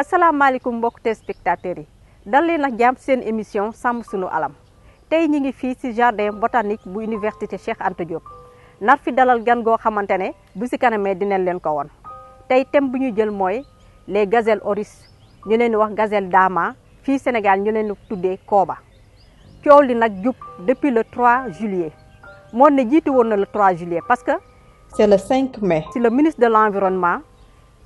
asalaamaaleykum mbokk spectateurs. yi dal leen ak jàmm seen émission sàmm sunu alam tey ñi ngi fii ci jardin botanique bu université Cheikh Anta Diop nar fi dalal gan goo xamante ne bu ci kanamee dinañ leen ko won tey thème bu ñu jël mooy les gazelles oryx ñu leen wax gazelle dama fii Sénégal ñu leen tuddee kooba coow li nag jub depuis le 3 juillet moo ne jiitu woon na le 3 juillet parce que c'est le 5 mai si le ministre de l'environnement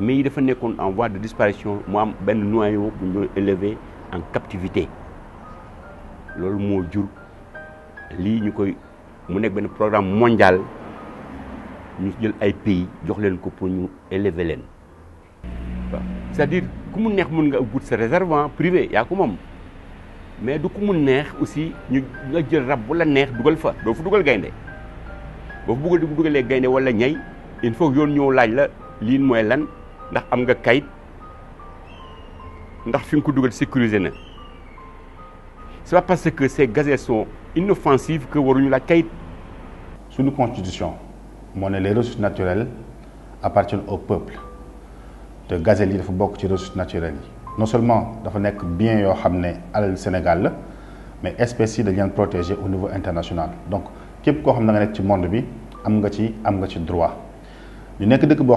mais yi dafa nekkoon en voie de disparition mu am benn noyau bu ñu élever en captivité loolu moo jur li ñu koy mu nekk benn programme mondial ñu jël ay pays jox leen ko pour ñu élever leen c'est-à-dire ku mu neex mun nga wut sa réservoir hein, privé yaa ko moom mais du ku mu neex aussi ñu la jël rab bu la neex dugal fa doo fa dugal gaynde boo fa bëgg dugalee gaynde wala ñay il faut yoon ñëw laaj la lii mooy lan ndax am nga kayit ndax fi nga ko sécurisé na c'est pas parce que ces gazelles sont inoffensives que waruñu la kayit suñu constitution moo ne les ressources naturelles appartiennent au peuple de gazelles yi dafa ci ressources naturelles non seulement dafa nekk bien yoo xam Sénégal mais espèces de dañ leen au niveau international donc képp ce xam ne nga nekk ci monde bi am nga ci droit ñu nekk dëkk boo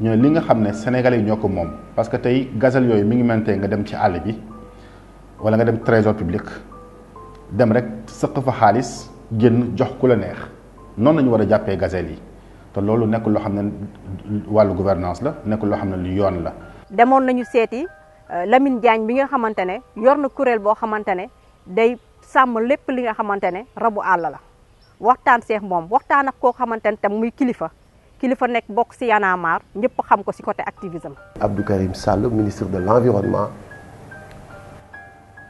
ñooy li nga xam ne sénégal yi ñoo ko moom parce que tey gazelle yooyu mu ngi mel tey nga dem ci àll bi wala nga dem trésor publique dem rek sëq fa xaalis génn jox ku la neex noonu la war a jàppee gazelle yi te loolu nekk loo xam ne wàllu gouvernance la nekk loo xam ne lu yoon la. demoon nañu seeti euh, Lamine Diagne bi nga xamante ne yor na kuréel boo xamante ne day sàmm lépp li nga xamante ne rabu àll la waxtaan seex moom waxtaan ak koo xamante ne tam muy kilifa. ki li fa nekk bokk si Y'en a ñëpp xam ko si côté activisme. Abdou Karim Sall ministre de l'environnement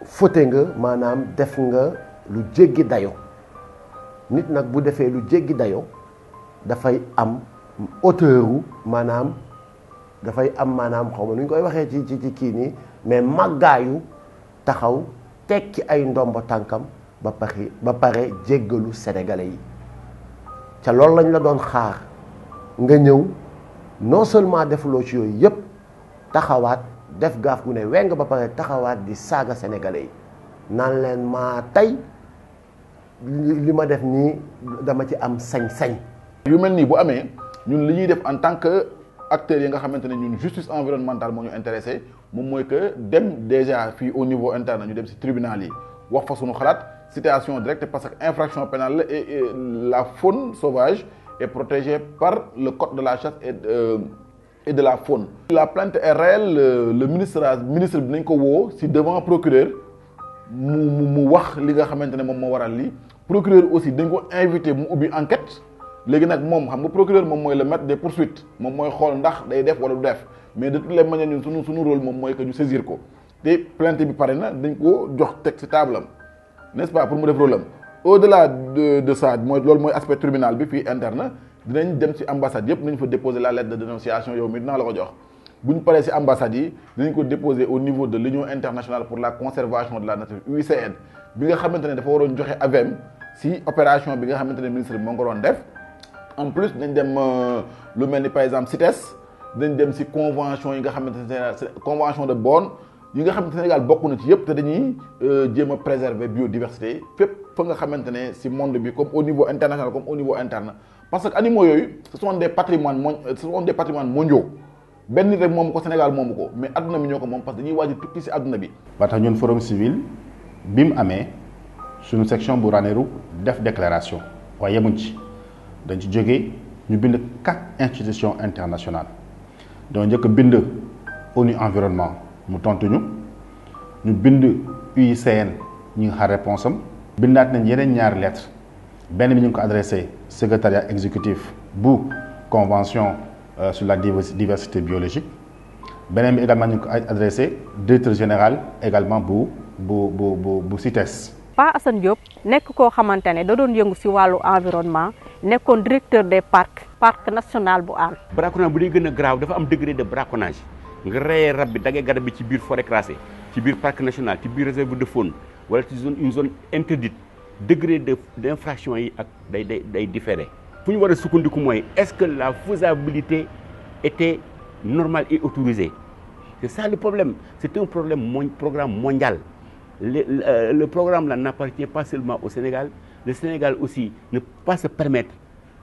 fote nga maanaam def nga lu jéggi dayo nit nag bu defee lu jéggi dayo dafay am auteuru maanaam dafay am maanaam xaw ma nu ñu koy waxee ci ci ci kii nii mais màggaayu taxaw tekki ay ndombo tànkam ba pare ba pare jéggalu sénégalais yi ca loolu lañ la doon xaar non seulement defuloo ci yooyu def gaaf gu ne weng ba pare taxawaat di sénégalais yi naan leen li ma def nii dama ci am sañ-sañ. yu mel def en tant que acteurs yi nga xamante justice environnementale moo ñu intéressé que dem déjà fii au niveau interne ñu dem tribunal yi wax fa suñu xalaat citation directe parce que infraction pénale et la faune sauvage est protégée par le code de la chasse et, euh, et de la faune. La plainte est réelle euh, le ministre ministre bi nañ ko devant procureur mu mu wax li nga xamante ne moom waral lii procureur aussi dañ ko invité mu ubbi enquête léegi nag moom xam nga procureur moom mooy le mettre des poursuites moom mooy xool ndax day def wala du def mais de toutes les manières ñun sunu sunu rôle moom mooy que ñu saisir ko Des plaintes bi pare na dañ ko jox teg si table am n'est-ce pas pour mu def rôle am au-delà de de ça mooy loolu aspect tribunal bi fii interne dinañ dem ci ambassade yëpp nañ fa déposer la lettre de dénonciation yow mi dinaa la ko jox bu ñu ci ambassade yi dinañ ko déposer au niveau de l'Union internationale pour la conservation de la nature UICN bi nga xamante ne dafa waroon joxe AVM ci opération bi nga xamante ministre bi moo def en plus dinañ dem euh, lu même par exemple CITES dinañ dem ci convention yi nga convention de Bonn yi nga xam Sénégal bokk na ci yëpp te dañuy euh, jéem a préserver biodiversité fépp fa nga xamante ne si monde bi comme au niveau international comme au niveau interne parce que animaux yooyu ce sont des patrimoines mon euh, ce sont des patrimoines mondiaux benn rek moomu ko Sénégal moomu ko mais adduna bi ñoo ko moom parce que dañuy waaj tukki si adduna bi. ba tax ñun forum civil bi mu amee suñu section bu Ranérou def déclaration waaye yemuñ ci dañ ci jógee ñu bind quatre institutions internationales doo njëkk bind ONU environnement mu tontu ñu ñu bind UICN ñu ngi xaar réponse am bindaat nañ yeneen ñaari lettre benn bi ñu ko adressé secrétariat exécutif bu convention euh, sur la diversité biologique beneen bi également ñu ko adressé directeur général également bu bu bu bu bu CITES. Pa Assane Diop nekk koo xamante ne da doon yëngu si wàllu environnement nekkoon directeur des parcs parc national bu Hann. braconnage bu dee gën a grave dafa am degré de braconnage nga rabis, rab bi ci forêt crassée ci parc national ci réserve de faune wala ci zone une zone interdite degré de d'infraction yi ak day day day différé est ce que la faisabilité était normale et autorisée C'est ça le problème C'est un problème programme mondial le euh, programme n'appartient pas seulement au Sénégal le Sénégal aussi ne peut pas se permettre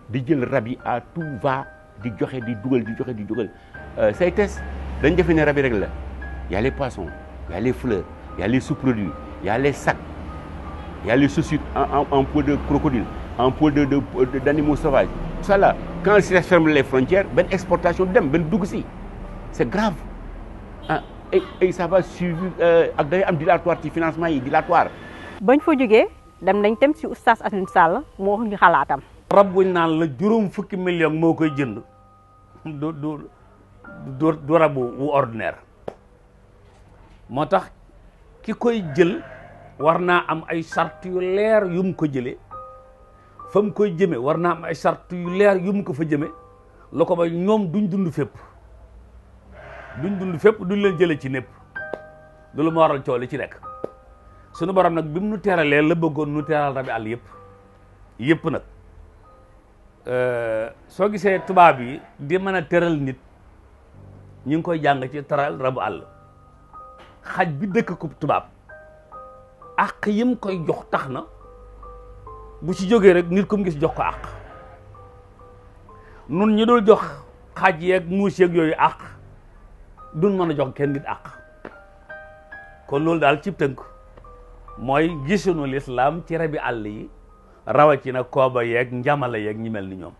de jël rab yi à tout va di joxe di dugal di joxe di dugal test. Euh, dañ defe ne rek la y a les poissons y a les fleurs y a les sous-produits y a les sacs y a les succites en, en, en peau de crocodile en peau de d'animaux sauvages tout ça là quand si ferme les frontières ben exportation dem ben dugg si c'est grave ah, et, et ça va suivre euh, ak day am dilatoire ci financement dilatoire bañ fo jógee dem nañ tém ci oustaz Alioune Sall mo wax ñu xalaatam rab buñ la juróom fukki million mo koy jënd do do du rab wu ordinaire moo tax ki koy jël war naa am ay sart yu leer yu mu ko jëlee fa koy jëme war naa am ay sart yu leer yu mu ko fa jëme lu ko ba ñoom duñ dund fépp duñ dund fépp duñ leen jële ci népp loolu moo waral coow li ci nekk sunu borom nag bi mu nu teeralee la bëggoon nu teeral rabi àll yëpp yëpp nag soo gisee tubaab yi di mën a teral nit ñu ngi koy jàng ci taral rabu àll xaj bi dëkk ku tubaab àq yim koy jox tax na bu ci jógee rek nit ku mu gis jox ko àq nun ñu dul jox xaj yeeg muus yeeg yooyu àq duñ mën a jox kenn nit àq kon loolu daal cib tënk mooy gisunu lislaam ci rabi àll yi rawatina kooba yeeg njamala yeeg ñi mel ni ñoom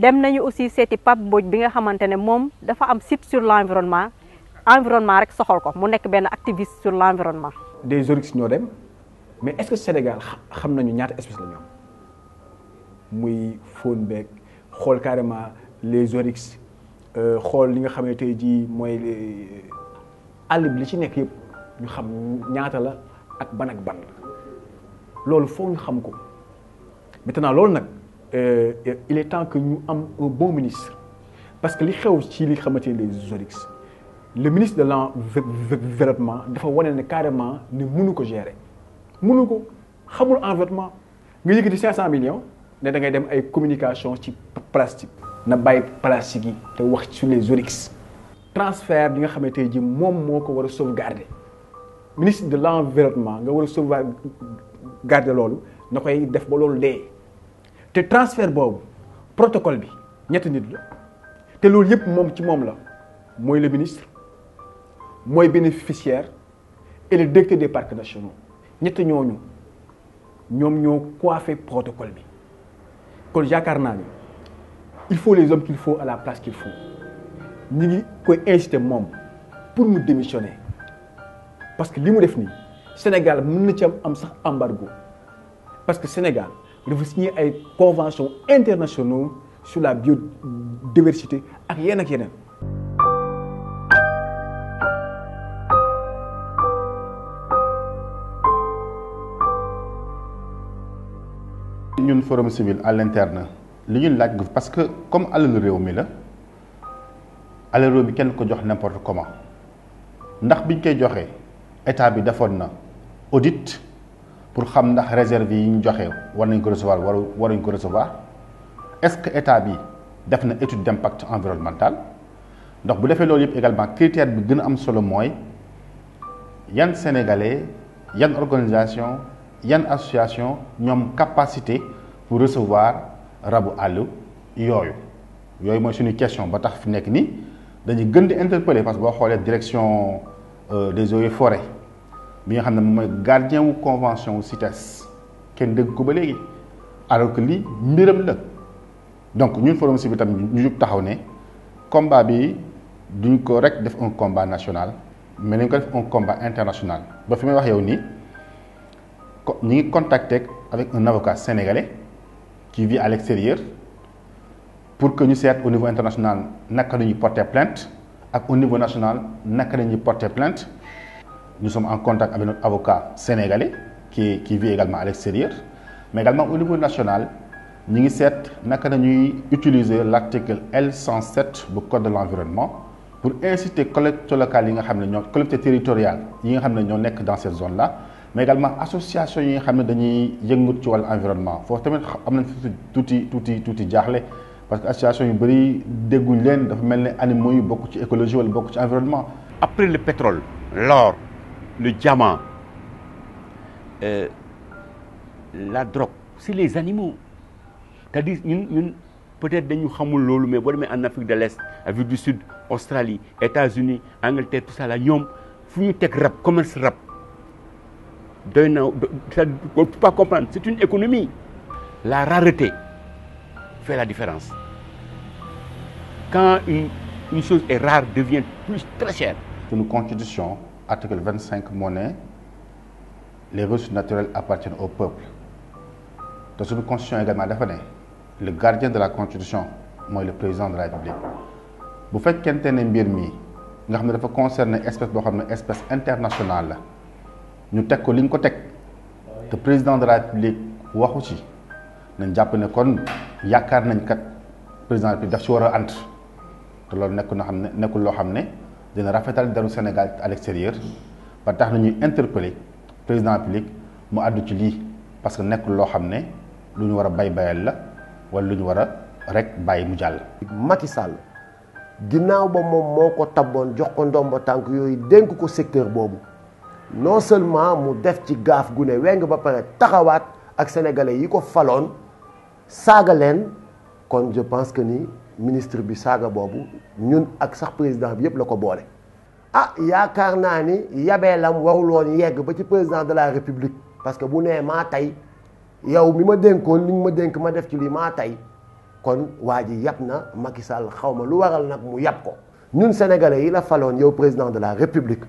dem nañu aussi seeti Pape Mbodj bi nga xamante ne moom dafa am site sur l' environnement environnement rek soxal ko mu nekk benn activiste sur l' environnement. des oryx ñoo dem mais est Sénégal xam nañu ñaata espèce la ñu muy faune beeg xool carrément les oryx euh, xool li nga xam ne tey jii mooy euh, àll bi li ci nekk yëpp ñu xam ñaata la ak ban ak ban la loolu foog ñu xam ko maintenant loolu nag. Euh, il est temps que nous ayons un bon ministre parce que li xew ci li xamante les ORIX le ministre de l'environnement dafa wane carrément ne mënu ko gérer mënu ko xamul environnement nga yëkkati 500 millions ne da ngay dem ay communication ci plastique na bàyyi plastique yi te wax ci les Le transfert bi nga xamante ji moom moo ministre de l'environnement nga war a sauvegarder l'eau, na koy def ba loolu le transfert le protocole bi ñetti nit nous. te loolu yëpp moom ci le ministre le bénéficiaire et le directeur des parcs nationaux Nous ñooñu ñoom ñoo coiffé protocole bi Jacques yaakaar il faut les hommes qu'il faut à la place qu'il faut Nous avons incité incité pour nous démissionner parce que ce mu def le Sénégal mën na ci embargo parce que le Sénégal de signer des conventions internationaux sur la biodiversité ak yeneen ak yeneen. ñun forum civil à l'interne li ñuy parce que comme à réew à la alalu réew n'importe comment ndax biñ koy joxee état bi audit pour xam ndax réserve yi ñu joxe war nañ ko recevoir waru waruñ ko recevoir est-ce que état bi def na étude d'impact environnemental ndax bu defee loolu yëpp également critère bi gën a am solo mooy yan sénégalais yan organisation yan association ñoom capacité pour recevoir rabu àll yooyu yooyu mooy suñu question ba tax fi nekk ni dañu gën di interpeller parce que boo xoolee direction euh, des eaux et forêts bi nga xam ne mooy gardien wu convention wu CITES kenn dégg ko ba alors que lii mbiram la donc ñun forum civil tam ñu jug taxaw ne combat bi duñ ko rek def un combat national mais nañ ko def un combat international ba fi may wax yow nous avons contacté avec un avocat sénégalais qui vit à l'extérieur pour que ñu seet au niveau international naka la ñuy porter plainte ak au niveau national naka la ñuy porter plainte nous sommes en contact avec notre avocat sénégalais qui, vit également à l'extérieur. Mais également au niveau national, nous avons utilisé l'article L107 du Code de l'environnement pour inciter les collectivités locales, les collectivités territoriales qui sont dans cette zone-là, mais également les associations qui sont dans l'environnement. Il faut que tout tout parce que les associations bëri dégguñ leen dafa mel animaux yu beaucoup ci écologie ou environnement. après le pétrole l'or le diamant, euh, la drogue, c'est les animaux. C'est-à-dire, peut-être nous xamul l'eau, mais en Afrique de l'Est Afrique du Sud Australie États-Unis Angleterre tout ça là ñoom fu ñu rap. commerce rap. On ne peut pas comprendre c'est une économie la rareté fait la différence quand une chose est rare devient plus très chère. une constitution article 25 monnaie, les ressources naturelles appartiennent au peuple Dans cette constitution également dafa le gardien de la constitution moi le président de la république bu fekkente ne mbir mi nga xam ne dafa concerner espèce boo xam ne espèce internationale la ñu teg ko nous avons ko teg le président de la république waxu ci nañ jàpp ne kon nañ kat président de la république daf a na xam ne nekkul loo dina rafetal le Sénégal à l'extérieur ba que nous ñuy interpeller président public mu àddu ci parce que nekkul loo xam nous lu ñu war a bay nous la wala lu ñu rek mu Macky Sall ba mom moko tabone jox ko ndomba tank yoy dénk ko secteur bobu non seulement mu def ci gaaf gune weng ba pare taxawat ak sénégalais yi ko falone saaga leen kon je pense que ni. ministre bi saaga boobu ñun ak sax président bi yëpp la ko boole. ah yaakaar naa ni yabeelam warul woon yegg ba ci président de la république parce que bu nee maa tey yow mi ma dénkoon li ma dénk ma def ci lii maa tey kon waa ji yab na Macky Sall xaw ma lu waral nag mu yab ko. ñun sénégalais yi la faloon yow président de la république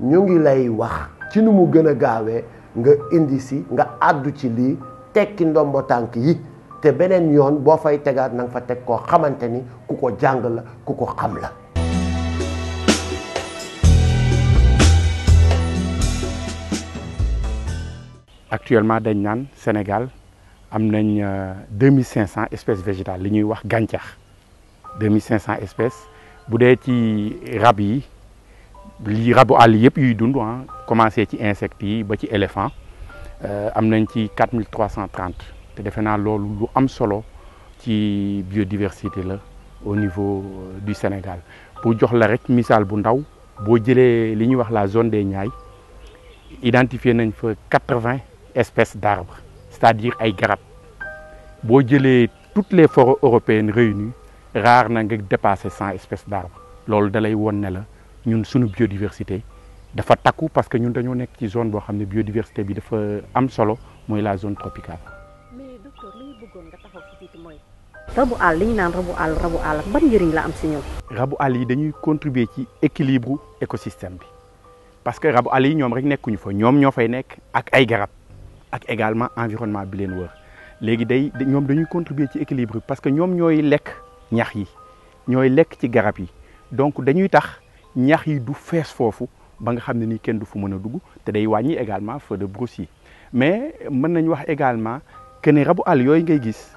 ñu ngi lay wax ci nu mu gën a gaawee nga indi si nga àddu ci lii tekki ndombo tànk yi. te beneen yoon bo fay tegaat nang fa teg koo xamante ku ko jàng la ku ko xam la actuellement dañ naan Sénégal am nañ 2500 euh, espèces végétales li ñuy wax gantiax 2500 espèces bu dee ci rab yi li rabu àll yépp yuy dund hein commencé ci insectes yi ba ci éléphant euh, am nañ ci 4330 te defe naa lu biodiversité la au niveau euh, du Sénégal pour jox la rek misal bu ndaw li la zone des identifié nañ fa 80 espèces d'arbres c'est-à-dire ay grappes boo jëlee toutes les forêts européennes réunies rare na nga dépasser 100 espèces d'arbres avons dalay lay la ñun biodiversité dafa takku parce que nous dañoo nekk zone biodiversité bi dafa am solo la zone tropicale rabu ali li ñu al rabu al, rabu ban njëriñ la am si ñoom. rabu àll yi dañuy contribuer ci équilibre écosystème bi parce que rabu ali yi ñoom rek nekkuñu fa ñoom ñoo fay nekk ak ay garab ak également environnement bi leen wër léegi day ñoom dañuy contribuer ci équilibre parce que ñoom ñooy lekk ñax yi ñooy lekk ci garab yi donc dañuy tax ñax yi du fees foofu ba nga xam ne kenn du fu mën a dugg te day wàññi également feu de brousse yi mais mën nañu wax également que ne rabu àll yooyu ngay gis.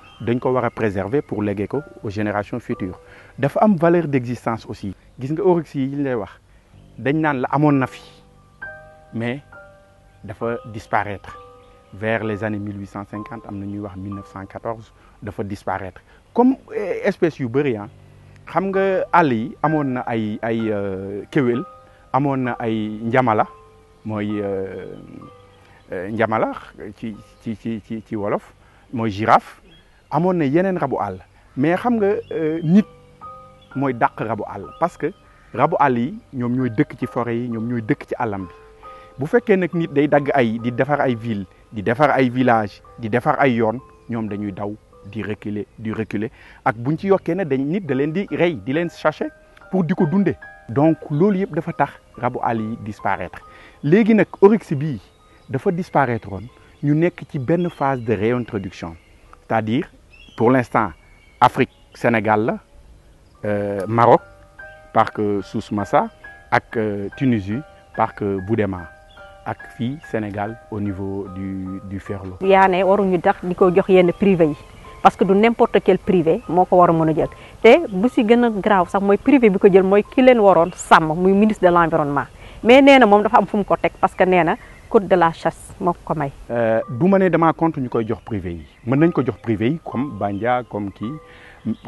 dañ ko war a préserver pour léguer ko aux générations futures dafa am valeur d'existence aussi gis nga oryx yi ñu lay wax dañ naan la amoon na fi mais dafa disparaître vers les années 1850 am na ñuy wax 1914 dafa disparaître comme eh, espèce yu bëri ah xam nga àll yi amoon na ay ay euh, kéwél amoon na ay njamala mooy euh, euh, njamala ci ci ci ci ci wolof mooy girafe il y a rabu mais xam nga euh, nit moy rabu all parce que rabu Ali yi ci forêt yi ci alam bi bu nit day di ville di défar ay village di défar ay yoon ñom dañuy reculer reculer ak buñ ci ne dañ nit di pour diko dundé donc lolu dafa tax rabu disparaître légui oryx dafa disparaître ñu phase de réintroduction c'est-à-dire pour l'instant Afrique Sénégal euh, Maroc parc euh, Souss Massa euh, Tunisie parc Boudema et fi Sénégal au niveau du du Ferlo. Il ne waruñu tax di jox yenn privé parce que n'importe quel privé moi ko war en mën a si c'est grave sax mooy privé bi ko jël ki ministre de l'environnement mais je ne moom dafa am fu ko parce que code de la chasse moo ko may. euh ma ne damaa contre ñu koy jox privé yi mën nañ ko jox privé yi comme Bandia comme ki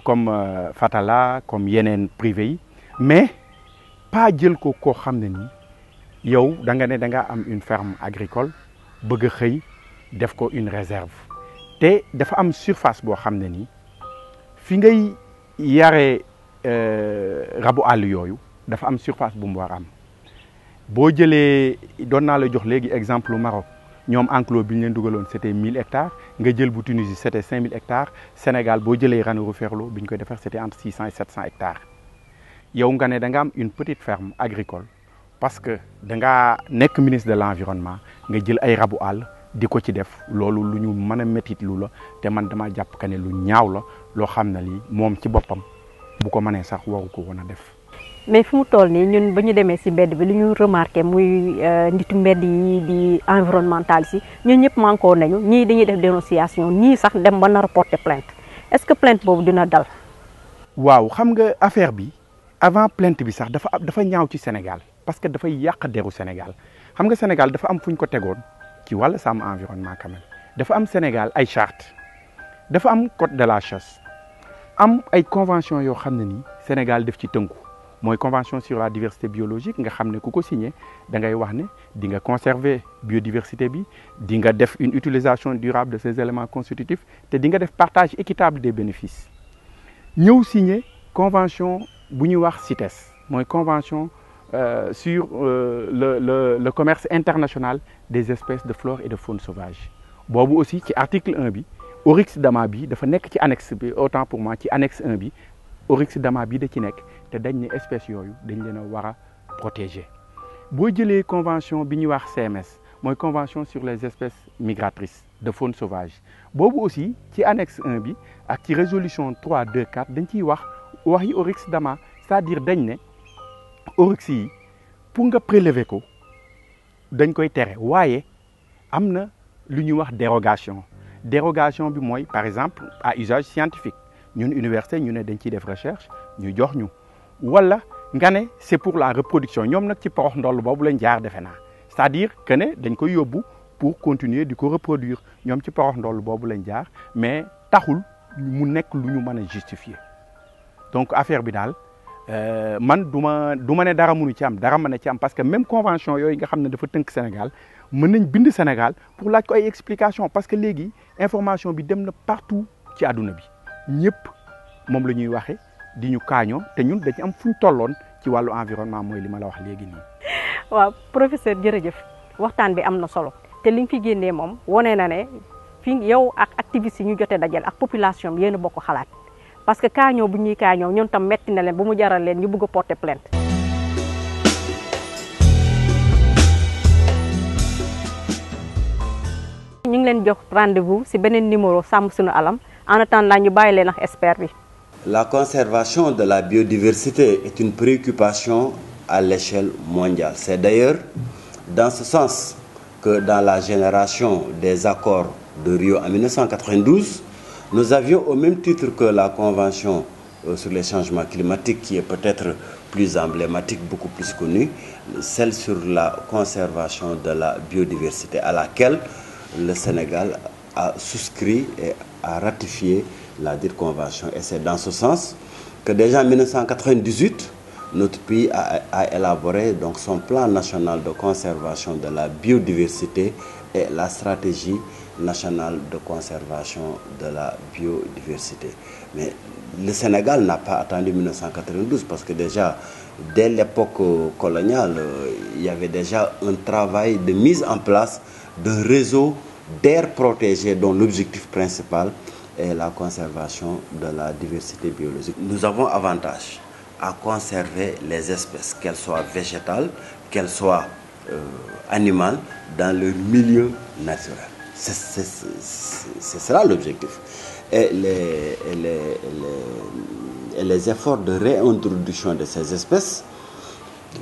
comme euh, Fatala comme yenen privé yi mais pas jël ko ko xamné ni yow da nga né da nga am une ferme agricole bëgg xey def ko une réserve té dafa am surface bo xamné ni fi ngay yaré euh rabu àll yooyu dafa am surface bu mu war am. Si jëlee doon un exemple au Maroc nous enclos bi 1000 hectares nga jël bu Tunisie c'était 5000 hectares Sénégal si entre 600 et 700 hectares yow nga une petite ferme agricole parce que le ministre de l'environnement, environnement nga jël ay rabu àll ci métit man la mais fu mu toll nii ñun ba ñu demee si mbedd bi li ñu remarqué muy euh, nitu mbedd yi di environnemental yi ñun ñëpp manko nañu ñii dañuy def dénonciation ñii sax dem ba nar a plainte est-ce que plainte boobu dina dal. waaw xam nga affaire bi avant plainte bi sax dafa dafa ñaaw ci Sénégal parce que dafay yàq deru Sénégal xam nga Sénégal dafa am fuñ ko tegoon ci wàllu sàmm environnement quand même dafa am Sénégal ay charte dafa am code de la chasse am ay convention yoo xam ne nii Sénégal def ci tënku. La convention sur la diversité biologique nga xamné kuko signé da ngay wax di nga conserver biodiversité bi di nga une utilisation durable de ces éléments constitutifs et di nga def partage équitable des bénéfices avons signé convention buñu wax CITES moy convention euh, sur euh, le commerce international des espèces de flore et de faune sauvage bobu aussi ci article 1 bi Oryx dama bi dafa annexe autant pour moi ci annexe 1 bi Oryx dama bi da te dañ ne espèces yooyu dañ leen a war a protéger boo jëlee convention bi ñuy wax CMS mooy convention sur les espèces migratrices de faune sauvage boobu aussi ci annexe 1 bi ak ci résolution 3 2 4 dañ ciy wax waxi oryx dama c'est-à-dire dañ ne oryx yi pour nga prélever ko dañ koy tere waaye am na lu ñuy wax dérogation dérogation bi mooy par exemple à usage scientifique ñun université ñu ne dañ ciy def recherche ñu jox ñu wala nga ne c'est pour la reproduction ñom nak ci porox ndoll bobu lañ jaar defena c'est-à-dire que ne dañ koy yobbu pour continuer di ko reproduire ñom ci porox ndoll bobu lañ jaar mais taxul mu nek lu ñu mën justifier donc affaire bi euh, man duma duma du ne dara mënu ci am dara mëna ci am parce que même convention yoy nga xamne dafa tënk Sénégal mën nañ bind Sénégal pour laaj ko ay explication parce que légui information bi dem na partout ci aduna bi ñepp mom lañuy ñuy di ñu kaño te ñun dañu am fuñ tollon ci walu environnement moy lima la wax léegi ni wa professeur jërëjëf waxtaan bi amna solo te liñ fi génnee mom woné na né fi yow ak activiste ñu jotee dajal ak population yéen bokk xalaat parce que kaño bu ñuy kaño ñun tam metti na leen bu mu jaral leen ñu bëgg porter plainte. ñu ngi leen jox rendez vous si benen numéro sam sunu alam en attendant ñu bayilé nak expert bi. La conservation de la biodiversité est une préoccupation à l'échelle mondiale. C'est d'ailleurs dans ce sens que dans la génération des accords de Rio en 1992, nous avions au même titre que la Convention euh, sur les changements climatiques, qui est peut-être plus emblématique, beaucoup plus connue, celle sur la conservation de la biodiversité, à laquelle le Sénégal a souscrit et a ratifié la dire convention. Et c'est dans ce sens que déjà en 1998, notre pays a, élaboré donc son plan national de conservation de la biodiversité et la stratégie nationale de conservation de la biodiversité. Mais le Sénégal n'a pas attendu 1992 parce que déjà, dès l'époque euh, coloniale, euh, il y avait déjà un travail de mise en place de réseau d'air protégé dont l'objectif principal et la conservation de la diversité biologique. Nous avons avantage à conserver les espèces, qu'elles soient végétales, qu'elles soient euh, animales, dans le milieu naturel. C'est sera l'objectif. Et les, efforts de réintroduction de ces espèces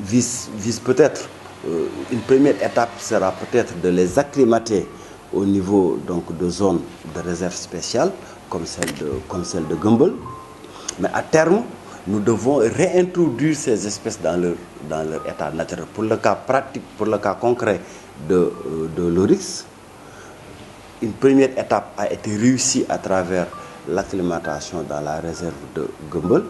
visent, peut-être, euh, une première étape sera peut-être de les acclimater au niveau donc, de zones de réserve spéciale, comme celle de, comme celle de Gumbel. Mais à terme, nous devons réintroduire ces espèces dans leur, dans état naturel. Pour le cas pratique, pour le cas concret de, euh, de l'Orix, une première étape a été réussie à travers l'acclimatation dans la réserve de Gumbel.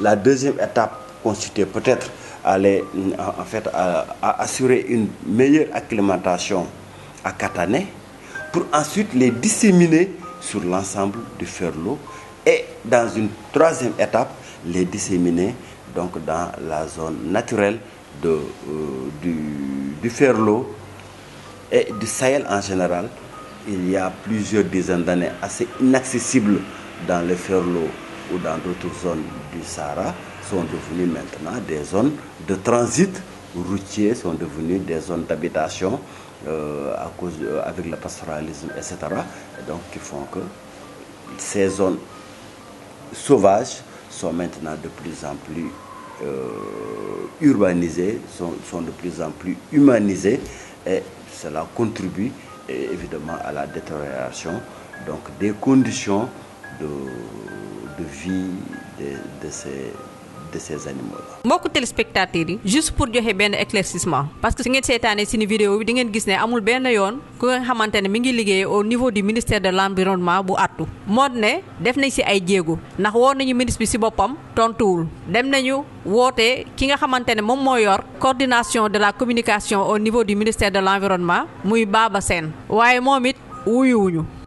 La deuxième étape consistait peut-être en fait à, assurer une meilleure acclimatation à Katané pour ensuite les disséminer sur l'ensemble du ferlo et dans une troisième étape, les disséminer donc dans la zone naturelle de, euh, du, du et du Sahel en général. Il y a plusieurs dizaines d'années assez inaccessibles dans le ferlo ou dans d'autres zones du Sahara sont devenues maintenant des zones de transit routier, sont devenues des zones d'habitation euh, à cause euh, avec le pastoralisme, etc. Et donc, qui font que ces zones sauvages sont maintenant de plus en plus euh, urbanisées, sont, de plus en plus humanisées et cela contribue évidemment à la détérioration donc des conditions de, vie de, de, ces, mbokk ces animaux là. mbokku yi juste pour joxe benn éclaircissement parce que si ngeen seetaanee suñu vidéo bi di ngeen gis ne amul benn yoon ku nga xamante ne mi ngi liggéey au niveau du ministère de l' environnement bu àttu moo ne def nañ si ay jéego ndax woo nañu ministre bi si boppam tontuwul dem nañu woote ki nga xamante ne moom moo yor cordination de la communication au niveau du ministère de l' environnement muy baaba Sène waaye moom it wuyuwuñu